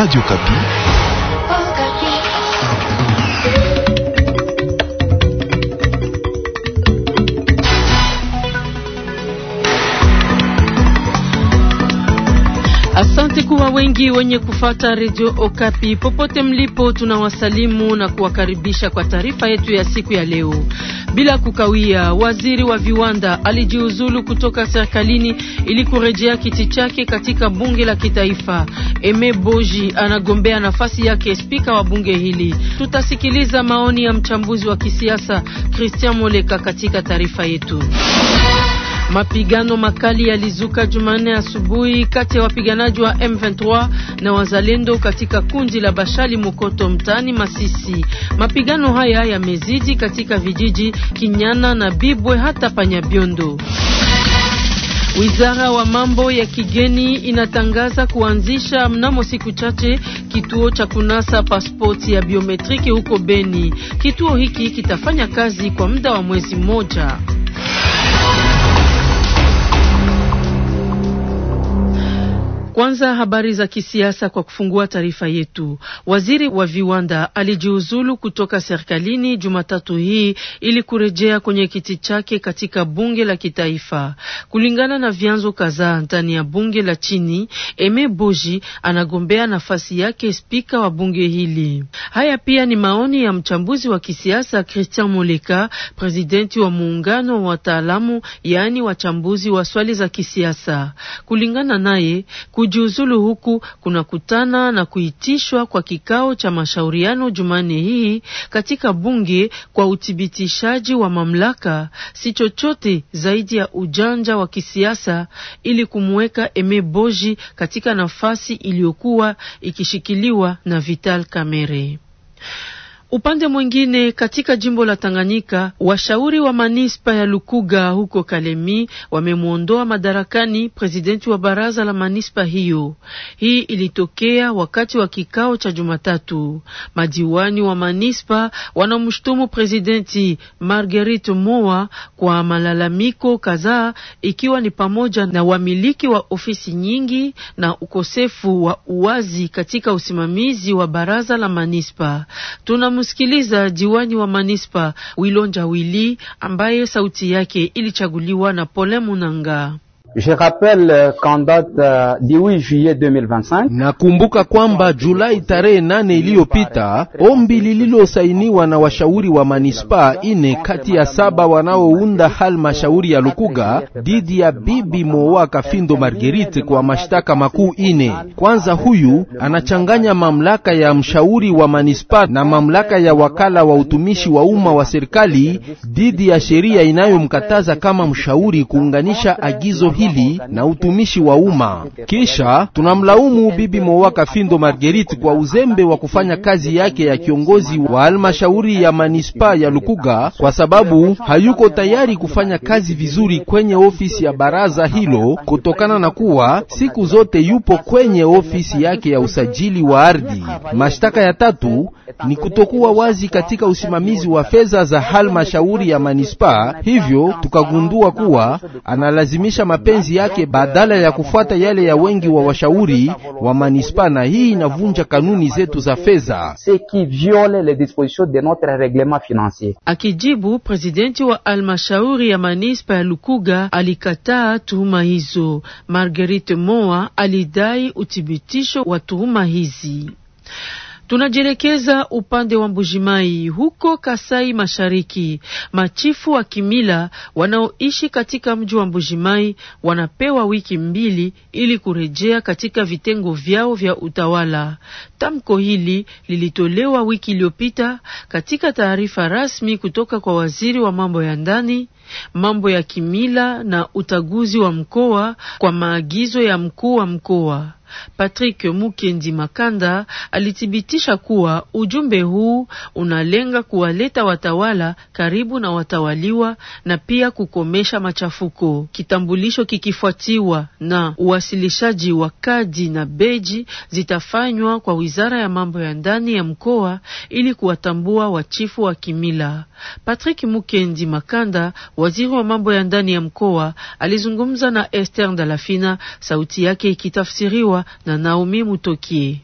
Radio Kapi. wengi wenye kufata redio Okapi popote mlipo, tunawasalimu na kuwakaribisha kwa taarifa yetu ya siku ya leo. Bila kukawia, waziri wa viwanda alijiuzulu kutoka serikalini ili kurejea kiti chake katika bunge la kitaifa. Eme Boji anagombea nafasi yake spika wa bunge hili. Tutasikiliza maoni ya mchambuzi wa kisiasa Christian Moleka katika taarifa yetu. Mapigano makali yalizuka Jumanne asubuhi kati ya wapiganaji wa M23 na wazalendo katika kundi la Bashali Mukoto mtaani Masisi. Mapigano haya yamezidi katika vijiji Kinyana na Bibwe hata Panyabiondo. Wizara wa mambo ya kigeni inatangaza kuanzisha mnamo siku chache kituo cha kunasa pasipoti ya biometriki huko Beni. Kituo hiki kitafanya kazi kwa muda wa mwezi mmoja. Kwanza habari za kisiasa kwa kufungua taarifa yetu. Waziri wa viwanda alijiuzulu kutoka serikalini Jumatatu hii ili kurejea kwenye kiti chake katika bunge la kitaifa. Kulingana na vyanzo kadhaa ndani ya bunge la chini, Eme Boji anagombea nafasi yake spika wa bunge hili. Haya pia ni maoni ya mchambuzi wa kisiasa Christian Moleka, presidenti wa muungano wa wataalamu, yaani wachambuzi wa swali za kisiasa. Kulingana naye Kujiuzulu huku kunakutana na kuitishwa kwa kikao cha mashauriano Jumanne hii katika bunge kwa uthibitishaji wa mamlaka, si chochote zaidi ya ujanja wa kisiasa ili kumweka Eme Boji katika nafasi iliyokuwa ikishikiliwa na Vital Kamerhe. Upande mwingine katika jimbo la Tanganyika, washauri wa manispa ya Lukuga huko Kalemi wamemwondoa madarakani presidenti wa baraza la manispa hiyo. Hii ilitokea wakati wa kikao cha Jumatatu. Madiwani wa manispa wanamshutumu presidenti Marguerite Moa kwa malalamiko kadhaa, ikiwa ni pamoja na wamiliki wa ofisi nyingi na ukosefu wa uwazi katika usimamizi wa baraza la manispa Tuna Tumemsikiliza diwani wa manispa Wilonja Wili ambaye sauti yake ilichaguliwa na Pole Munanga. Je rappelle euh, qu'en date ya euh, 8 juillet 2025, nakumbuka kwamba Julai tarehe nane iliyopita ombi lililosainiwa na washauri wa manispa ine kati ya saba wanaounda halmashauri ya Lukuga dhidi ya bibi Moa Kafindo Marguerite kwa mashtaka makuu ine. Kwanza, huyu anachanganya mamlaka ya mshauri wa manispa na mamlaka ya wakala wa utumishi wa umma wa serikali dhidi ya sheria inayomkataza kama mshauri kuunganisha agizo hili na utumishi wa umma. Kisha tunamlaumu bibi Mowaka Findo margerit kwa uzembe wa kufanya kazi yake ya kiongozi wa halmashauri ya manispa ya Lukuga, kwa sababu hayuko tayari kufanya kazi vizuri kwenye ofisi ya baraza hilo, kutokana na kuwa siku zote yupo kwenye ofisi yake ya usajili wa ardhi. Mashtaka ya tatu ni kutokuwa wazi katika usimamizi wa fedha za halmashauri ya manispa, hivyo tukagundua kuwa analazimisha mape mapenzi yake badala ya kufuata yale ya wengi wa washauri wa manispa, na hii inavunja kanuni zetu za fedha. Akijibu, presidenti wa almashauri ya manispa ya Lukuga alikataa tuhuma hizo. Marguerite Moa alidai uthibitisho wa tuhuma hizi. Tunajielekeza upande wa Mbujimai huko Kasai Mashariki. Machifu wa kimila wanaoishi katika mji wa Mbujimai wanapewa wiki mbili ili kurejea katika vitengo vyao vya utawala. Tamko hili lilitolewa wiki iliyopita katika taarifa rasmi kutoka kwa waziri wa mambo ya ndani, mambo ya kimila na utaguzi wa mkoa kwa maagizo ya mkuu wa mkoa. Patrick Mukendi Makanda alithibitisha kuwa ujumbe huu unalenga kuwaleta watawala karibu na watawaliwa na pia kukomesha machafuko. Kitambulisho kikifuatiwa na uwasilishaji wa kadi na beji zitafanywa kwa Wizara ya Mambo ya Ndani ya mkoa ili kuwatambua wachifu wa kimila. Patrick Mukendi Makanda, waziri wa mambo ya ndani ya mkoa, alizungumza na Esther dalafina sauti yake ikitafsiriwa na Naomi Mutokie.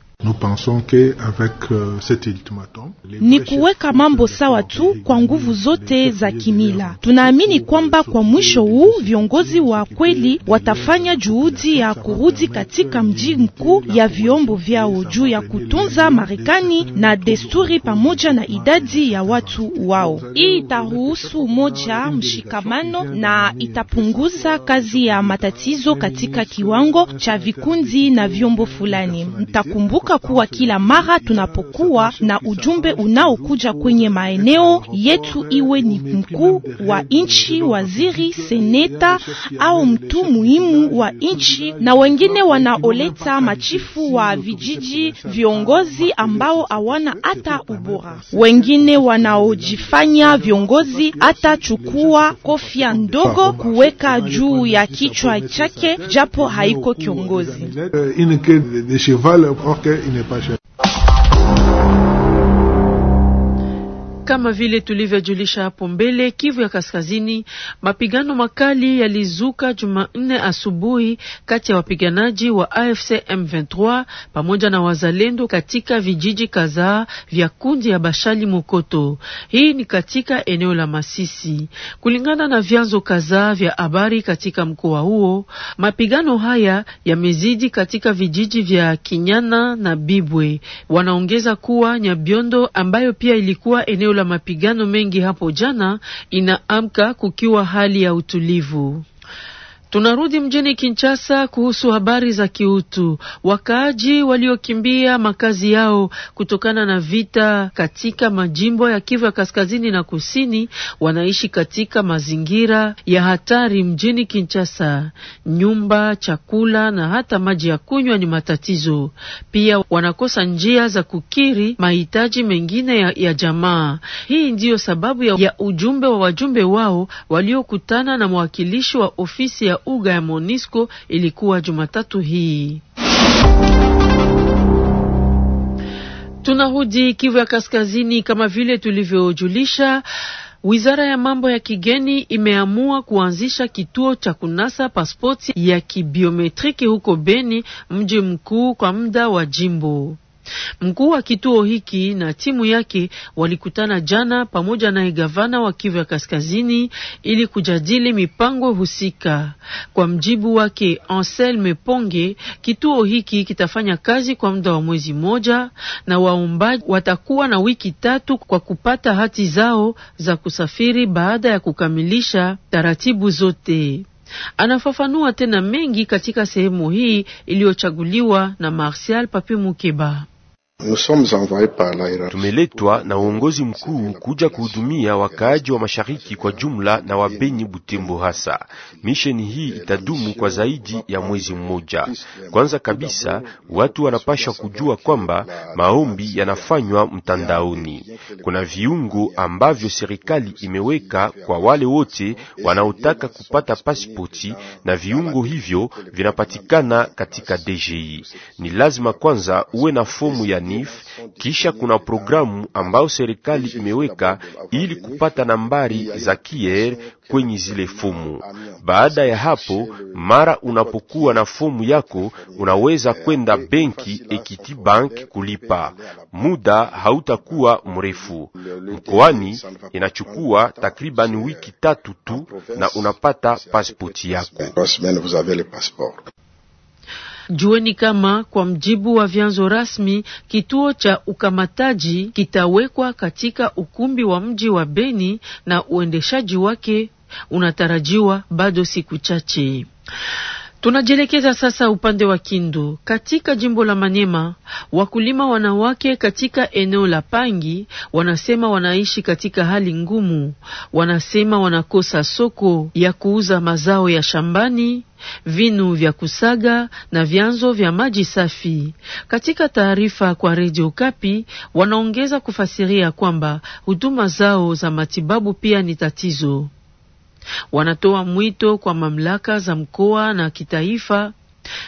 Ni kuweka mambo sawa tu kwa nguvu zote za kimila. Tunaamini kwamba kwa mwisho huu viongozi wa kweli watafanya juhudi ya kurudi katika mji mkuu ya vyombo vyao juu ya kutunza Marekani na desturi pamoja na idadi ya watu wao. Hii itaruhusu umoja, mshikamano na itapunguza kazi ya matatizo katika kiwango cha vikundi na vyombo fulani. Mtakumbuka Kumbuka kuwa kila mara tunapokuwa na ujumbe unaokuja kwenye maeneo yetu, iwe ni mkuu wa nchi, waziri, seneta au mtu muhimu wa nchi, na wengine wanaoleta machifu wa vijiji, viongozi ambao hawana hata ubora, wengine wanaojifanya viongozi, hata chukua kofia ndogo kuweka juu ya kichwa chake, japo haiko kiongozi. Euh, il n'est pas cher. Kama vile tulivyojulisha hapo mbele, Kivu ya Kaskazini, mapigano makali yalizuka Jumanne asubuhi kati ya wapiganaji wa AFC M23 pamoja na wazalendo katika vijiji kadhaa vya kundi ya Bashali Mokoto. Hii ni katika eneo la Masisi. Kulingana na vyanzo kadhaa vya habari katika mkoa huo, mapigano haya yamezidi katika vijiji vya Kinyana na Bibwe. Wanaongeza kuwa Nyabiondo ambayo pia ilikuwa eneo la mapigano mengi hapo jana, inaamka kukiwa hali ya utulivu. Tunarudi mjini Kinshasa kuhusu habari za kiutu. Wakaaji waliokimbia makazi yao kutokana na vita katika majimbo ya Kivu ya kaskazini na kusini wanaishi katika mazingira ya hatari mjini Kinshasa. Nyumba, chakula na hata maji ya kunywa ni matatizo. Pia wanakosa njia za kukiri mahitaji mengine ya, ya jamaa. Hii ndiyo sababu ya, ya ujumbe wa wajumbe wao waliokutana na mwakilishi wa ofisi ya uga ya Monisco ilikuwa Jumatatu hii. Tunarudi Kivu ya Kaskazini kama vile tulivyojulisha. Wizara ya mambo ya kigeni imeamua kuanzisha kituo cha kunasa pasipoti ya kibiometriki huko Beni, mji mkuu, kwa muda wa jimbo. Mkuu wa kituo hiki na timu yake walikutana jana pamoja na gavana wa Kivu ya Kaskazini ili kujadili mipango husika. Kwa mjibu wake Anselme Ponge, kituo hiki kitafanya kazi kwa muda wa mwezi mmoja na waombaji watakuwa na wiki tatu kwa kupata hati zao za kusafiri baada ya kukamilisha taratibu zote. Anafafanua tena mengi katika sehemu hii iliyochaguliwa na Martial Papi Mukeba. Tumeletwa na uongozi mkuu kuja kuhudumia wakaaji wa mashariki kwa jumla na wabeni Butembo hasa. Misheni hii itadumu kwa zaidi ya mwezi mmoja. Kwanza kabisa, watu wanapasha kujua kwamba maombi yanafanywa mtandaoni. Kuna viungo ambavyo serikali imeweka kwa wale wote wanaotaka kupata pasipoti na viungo hivyo vinapatikana katika DGI. Ni lazima kwanza uwe na fomu ya NIF. Kisha kuna programu ambayo serikali imeweka ili kupata nambari za kier kwenye zile fomu. Baada ya hapo, mara unapokuwa na fomu yako, unaweza kwenda benki Equity Bank kulipa. Muda hautakuwa mrefu. Mkoani inachukua takriban wiki tatu tu, na unapata pasipoti yako. Jueni kama kwa mjibu wa vyanzo rasmi, kituo cha ukamataji kitawekwa katika ukumbi wa mji wa Beni na uendeshaji wake unatarajiwa bado siku chache. Tunajielekeza sasa upande wa Kindu katika jimbo la Manyema. Wakulima wanawake katika eneo la Pangi wanasema wanaishi katika hali ngumu. Wanasema wanakosa soko ya kuuza mazao ya shambani vinu vya kusaga na vyanzo vya maji safi. Katika taarifa kwa redio Kapi, wanaongeza kufasiria kwamba huduma zao za matibabu pia ni tatizo. Wanatoa mwito kwa mamlaka za mkoa na kitaifa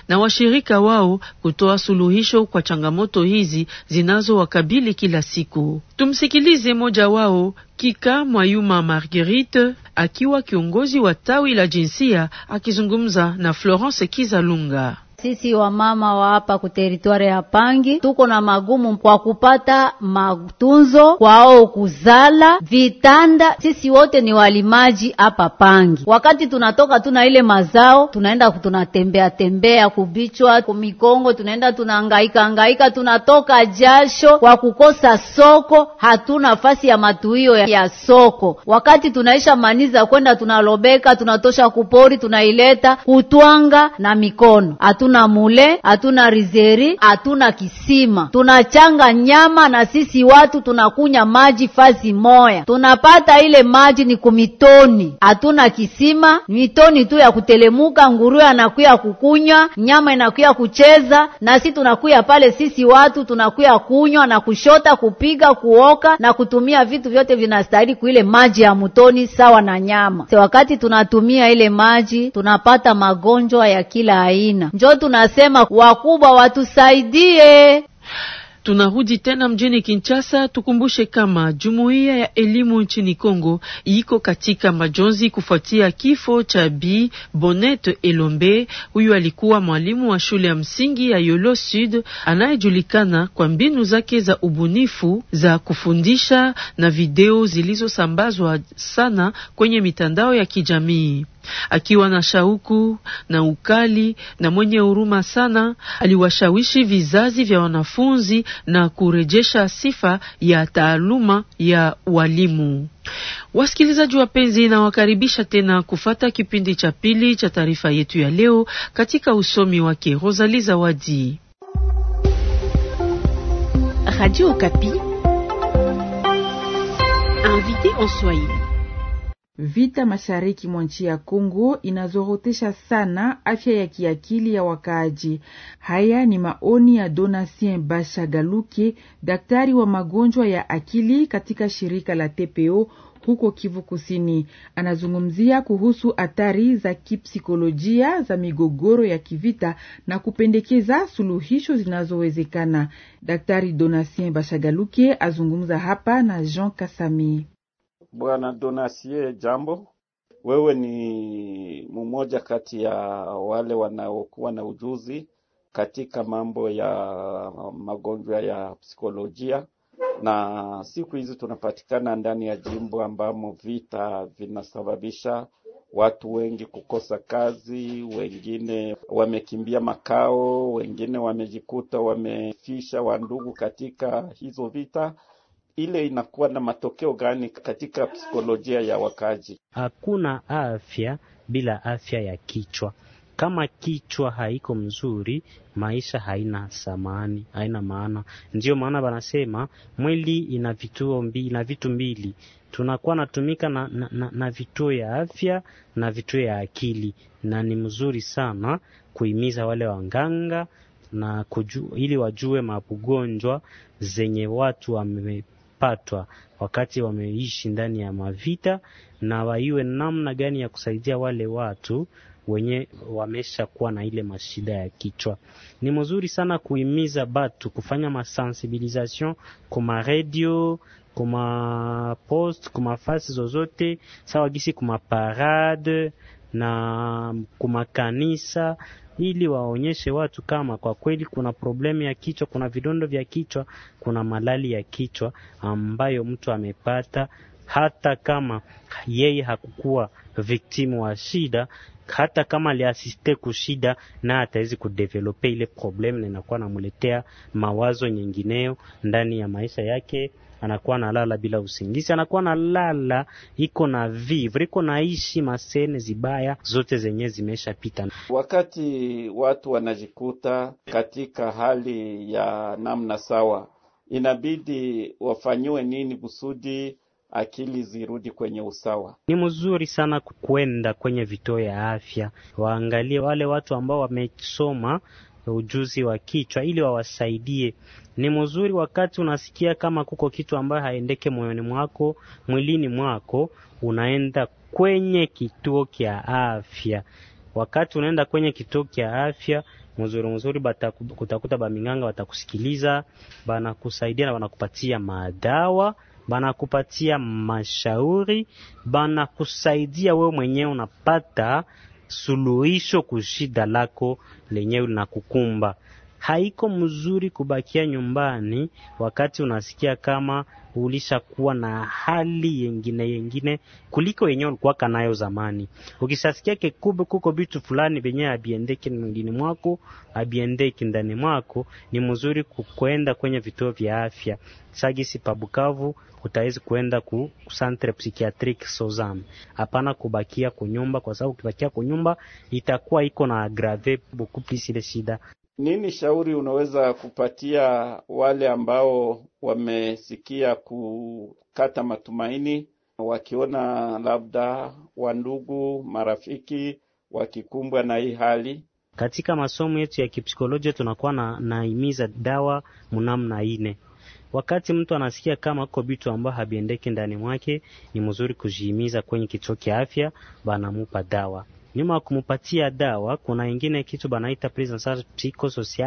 na washirika wao kutoa suluhisho kwa changamoto hizi zinazowakabili kila siku. Tumsikilize mmoja wao, Kika Mwayuma Marguerite, akiwa kiongozi wa tawi la jinsia, akizungumza na Florence Kizalunga. Sisi wamama wa hapa kuteritwari ya Pangi tuko na magumu kwa kupata matunzo kwao, kuzala vitanda. Sisi wote ni walimaji hapa Pangi, wakati tunatoka tuna ile mazao, tunaenda tunatembea tembea kubichwa kumikongo, tunaenda tunahangaika hangaika, tunatoka jasho kwa kukosa soko. Hatuna nafasi ya matuio ya soko, wakati tunaisha maniza kwenda tunalobeka, tunatosha kupori, tunaileta kutwanga na mikono Atuna hatuna mule, hatuna rizeri, hatuna kisima, tunachanga nyama na sisi watu tunakunya maji fasi moya, tunapata ile maji ni kumitoni, hatuna kisima, mitoni tu ya kutelemuka, nguruwe anakuya kukunywa, nyama inakuya kucheza, na si tunakuya pale sisi watu tunakuya kunywa na kushota, kupiga, kuoka na kutumia vitu vyote vinastahili kuile maji ya mutoni sawa na nyama. Se wakati tunatumia ile maji tunapata magonjwa ya kila aina, njo tunasema wakubwa watusaidie. Tunarudi tena mjini Kinshasa. Tukumbushe kama jumuiya ya elimu nchini Kongo iko katika majonzi kufuatia kifo cha Bi Bonete Elombe. Huyu alikuwa mwalimu wa shule ya msingi ya Yolo Sud anayejulikana kwa mbinu zake za ubunifu za kufundisha na video zilizosambazwa sana kwenye mitandao ya kijamii. Akiwa na shauku na ukali na mwenye huruma sana, aliwashawishi vizazi vya wanafunzi na kurejesha sifa ya taaluma ya walimu. Wasikilizaji wapenzi, nawakaribisha tena kufata kipindi cha pili cha taarifa yetu ya leo katika usomi wake Rosalie Zawadi, Radio Okapi, invité en Swahili. Vita mashariki mwa nchi ya Kongo inazorotesha sana afya ya kiakili ya wakaaji. Haya ni maoni ya Donatien Bashagaluke, daktari wa magonjwa ya akili katika shirika la TPO huko Kivu Kusini. Anazungumzia kuhusu athari za kipsikolojia za migogoro ya kivita na kupendekeza suluhisho zinazowezekana. Daktari Donatien Bashagaluke azungumza hapa na Jean Kasami. Bwana Donasie, jambo. Wewe ni mmoja kati ya wale wanaokuwa na ujuzi katika mambo ya magonjwa ya psikolojia, na siku hizi tunapatikana ndani ya jimbo ambamo vita vinasababisha watu wengi kukosa kazi, wengine wamekimbia makao, wengine wamejikuta wamefisha wandugu katika hizo vita ile inakuwa na matokeo gani katika psikolojia ya wakazi? Hakuna afya bila afya ya kichwa. Kama kichwa haiko mzuri, maisha haina samani, haina maana. Ndiyo maana wanasema mwili ina vituo mbili, ina vitu mbili tunakuwa natumika na, na, na, na vituo ya afya na vituo ya akili, na ni mzuri sana kuhimiza wale wanganga na kuju, ili wajue magonjwa zenye watu wame wamepatwa wakati wameishi ndani ya mavita, na waiwe namna gani ya kusaidia wale watu wenye wamesha kuwa na ile mashida ya kichwa. Ni mzuri sana kuhimiza batu kufanya masensibilisation kuma radio kuma post kuma fasi zozote sawa gisi kuma parade na kumakanisa ili waonyeshe watu kama kwa kweli kuna problemu ya kichwa, kuna vidondo vya kichwa, kuna malali ya kichwa ambayo mtu amepata, hata kama yeye hakukuwa viktimu wa shida hata kama aliasiste kushida na atawezi kudevelope ile problem na inakuwa namuletea mawazo nyingineyo ndani ya maisha yake anakuwa nalala bila usingizi, anakuwa nalala iko na vivre iko naishi masene zibaya zote zenye zimeshapita. Wakati watu wanajikuta katika hali ya namna sawa, inabidi wafanyiwe nini kusudi akili zirudi kwenye usawa. Ni mzuri sana kwenda kwenye vituo ya afya, waangalie wale watu ambao wamesoma ujuzi wa kichwa ili wawasaidie. Ni mzuri wakati unasikia kama kuko kitu ambayo haendeke moyoni mwako, mwilini mwako, unaenda kwenye kituo kya afya. Wakati unaenda kwenye kituo kya afya mzuri mzuri, utakuta baminganga watakusikiliza, banakusaidia na banakupatia madawa banakupatia mashauri, banakusaidia wewe mwenyewe unapata suluhisho kushida lako lenyewe kukumba haiko mzuri kubakia nyumbani wakati unasikia kama ulishakuwa na hali yengine yengine kuliko yenye ulikuwaka nayo zamani. Ukishasikia kekube kuko bitu fulani benye abiendeki mwilini mwako abiendeki ndani mwako, ni mzuri kukwenda kwenye vituo vya afya sagisi pabukavu utawezi kwenda ku centre psychiatrique Sozam, hapana kubakia kunyumba, kwa sababu ukibakia kunyumba itakuwa iko na agrave beaucoup plus ile shida nini shauri unaweza kupatia wale ambao wamesikia kukata matumaini, wakiona labda wandugu, marafiki wakikumbwa na hii hali? Katika masomo yetu ya kipsikolojia tunakuwa na naimiza dawa mnamna ine. Wakati mtu anasikia kama uko bitu ambayo habiendeki ndani mwake, ni mzuri kujiimiza kwenye kituo cha afya, banamupa dawa nyuma ya kumupatia dawa, kuna ingine kitu banaita prison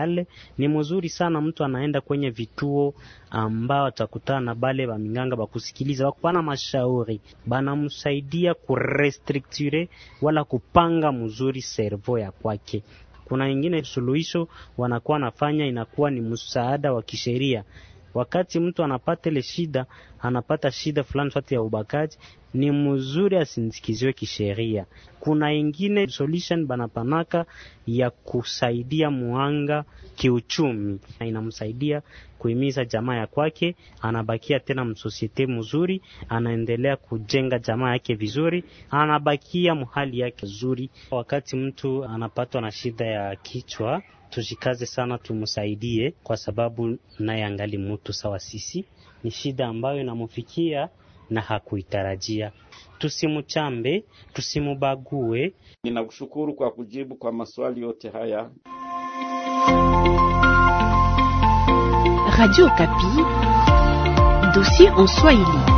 en Ni mzuri sana, mtu anaenda kwenye vituo ambao atakutana na bale ba minganga bakusikiliza, kupana mashauri, banamsaidia kurestricture wala kupanga mzuri servo ya kwake. Kuna ingine suluhisho wanakuwa nafanya, inakuwa ni msaada wa kisheria. Wakati mtu anapata ile shida, anapata shida fulani swati ya ubakaji, ni mzuri asindikiziwe kisheria. Kuna ingine solution banapanaka ya kusaidia muanga kiuchumi, inamsaidia kuhimiza jamaa ya kwake, anabakia tena msosiete mzuri, anaendelea kujenga jamaa yake vizuri, anabakia mhali yake nzuri. Wakati mtu anapatwa na shida ya kichwa tujikaze sana, tumsaidie kwa sababu naye angali mtu sawa sisi. Ni shida ambayo inamfikia na hakuitarajia. Tusimchambe, tusimubague. Ninakushukuru kwa kujibu kwa maswali yote haya. Radio Kapi, dossier en Swahili.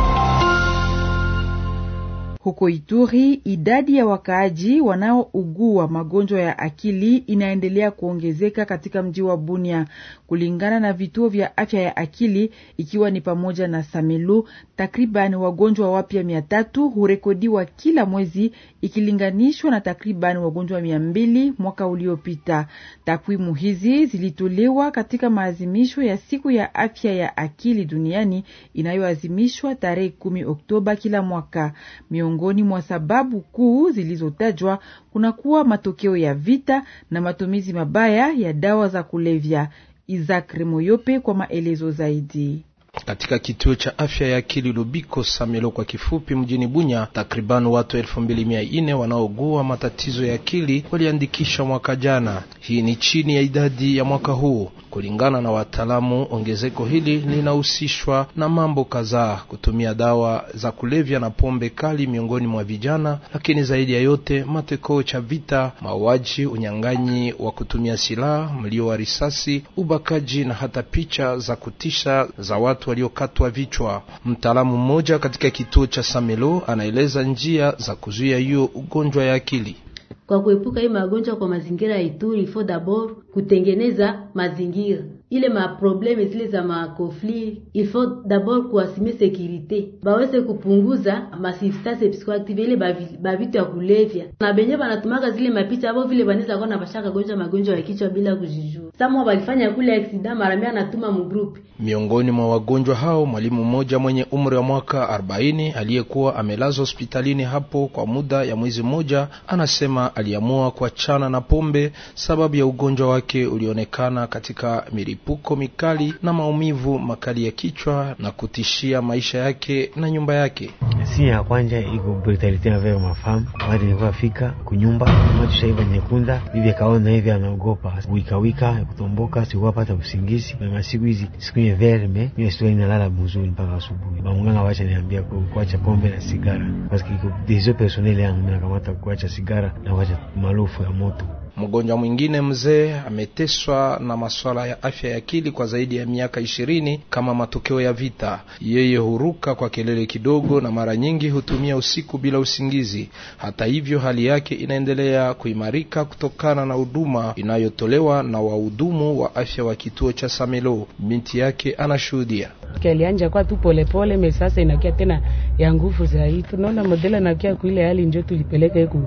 Huko Ituri, idadi ya wakaaji wanaougua magonjwa ya akili inaendelea kuongezeka katika mji wa Bunia, kulingana na vituo vya afya ya akili, ikiwa ni pamoja na Samelu. Takriban wagonjwa wapya mia tatu hurekodiwa kila mwezi ikilinganishwa na takriban wagonjwa mia mbili mwaka uliopita. Takwimu hizi zilitolewa katika maazimisho ya siku ya afya ya akili duniani inayoazimishwa tarehe kumi Oktoba kila mwaka Mion miongoni mwa sababu kuu zilizotajwa kunakuwa matokeo ya vita na matumizi mabaya ya dawa za kulevya. Isaac Remoyope kwa maelezo zaidi. Katika kituo cha afya ya akili Lubiko Samelo kwa kifupi, mjini Bunya, takriban watu 2400 wanaougua matatizo ya akili waliandikisha mwaka jana. Hii ni chini ya idadi ya mwaka huu. Kulingana na wataalamu, ongezeko hili linahusishwa na mambo kadhaa: kutumia dawa za kulevya na pombe kali miongoni mwa vijana, lakini zaidi ya yote matokeo cha vita, mauaji, unyang'anyi wa kutumia silaha, mlio wa risasi, ubakaji na hata picha za kutisha za watu watu waliokatwa vichwa. Mtaalamu mmoja katika kituo cha Samelo anaeleza njia za kuzuia hiyo ugonjwa ya akili kwa kuepuka hii magonjwa kwa mazingira ya Ituri, fo dabord kutengeneza mazingira ile maprobleme zile za makofli il faut dabord kuasime sekirite, baweze kupunguza masubstance psychoactive ile bavitu ya kulevya, na benye banatumaka zile mapicha abo vile banaweza kuwa na bashaka gonjwa magonjwa ya kichwa bila kujijua. Samuel walifanya kule aksida mara mia anatuma mgrupi. Miongoni mwa wagonjwa hao mwalimu mmoja mwenye umri wa mwaka 40 aliyekuwa amelazwa hospitalini hapo kwa muda ya mwezi mmoja, anasema aliamua kuachana na pombe sababu ya ugonjwa wake ulionekana katika milipuko mikali na maumivu makali ya kichwa na kutishia maisha yake na nyumba yake. Si ya kwanja iko brutalite aveo mafamu bali nikuwa fika kunyumba macho shaiva nyekunda bibi akaona hivi anaogopa wikawika kutomboka, sikuwapata usingizi na masiku hizi ya verme mimi sikuwa inalala mzuri mpaka asubuhi. Bamunganga wacha niambia kuacha pombe na sigara, paski des personeli yangu mimi nakamata kuacha sigara na kuacha malofu ya moto. Mgonjwa mwingine mzee ameteswa na masuala ya afya ya akili kwa zaidi ya miaka ishirini kama matokeo ya vita. Yeye huruka kwa kelele kidogo na mara nyingi hutumia usiku bila usingizi. Hata hivyo, hali yake inaendelea kuimarika kutokana na huduma inayotolewa na wahudumu wa afya wa kituo cha Samelo. Binti yake anashuhudia alianja kwa tu polepole me sasa inakia tena ya nguvu zaidi. Tunaona modela nakia kuile hali njo tulipeleka ku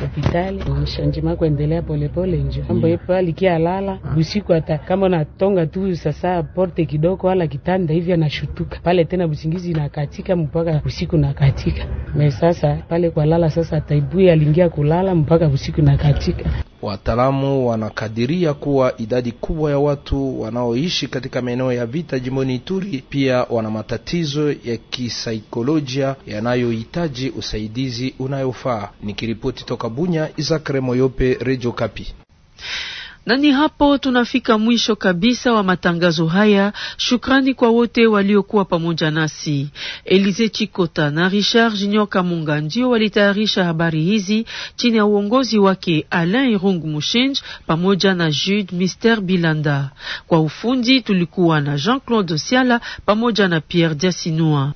hospitali mshanjima kuendelea polepole njo mambo yeah. Mm. Yepo alikialala ah. Busiku hata kama natonga tu sasa porte kidogo wala kitanda hivi anashutuka pale tena, busingizi nakatika mpaka usiku nakatika me sasa pale kwa lala sasa, taibui aliingia kulala mpaka usiku nakatika Wataalamu wanakadiria kuwa idadi kubwa ya watu wanaoishi katika maeneo ya vita jimboni Ituri pia wana matatizo ya kisaikolojia yanayohitaji usaidizi unayofaa. Nikiripoti toka Bunya, Isaac Remoyope, Radio Kapi. Na ni hapo tunafika mwisho kabisa wa matangazo haya. Shukrani kwa wote waliokuwa pamoja nasi. Elize Chikota na Richard Junior Kamunga ndio walitayarisha habari hizi chini ya uongozi wake Alain Irung mushinj pamoja na Jude Mister Bilanda. Kwa ufundi tulikuwa na Jean-Claude Siala pamoja na Pierre Diasinua.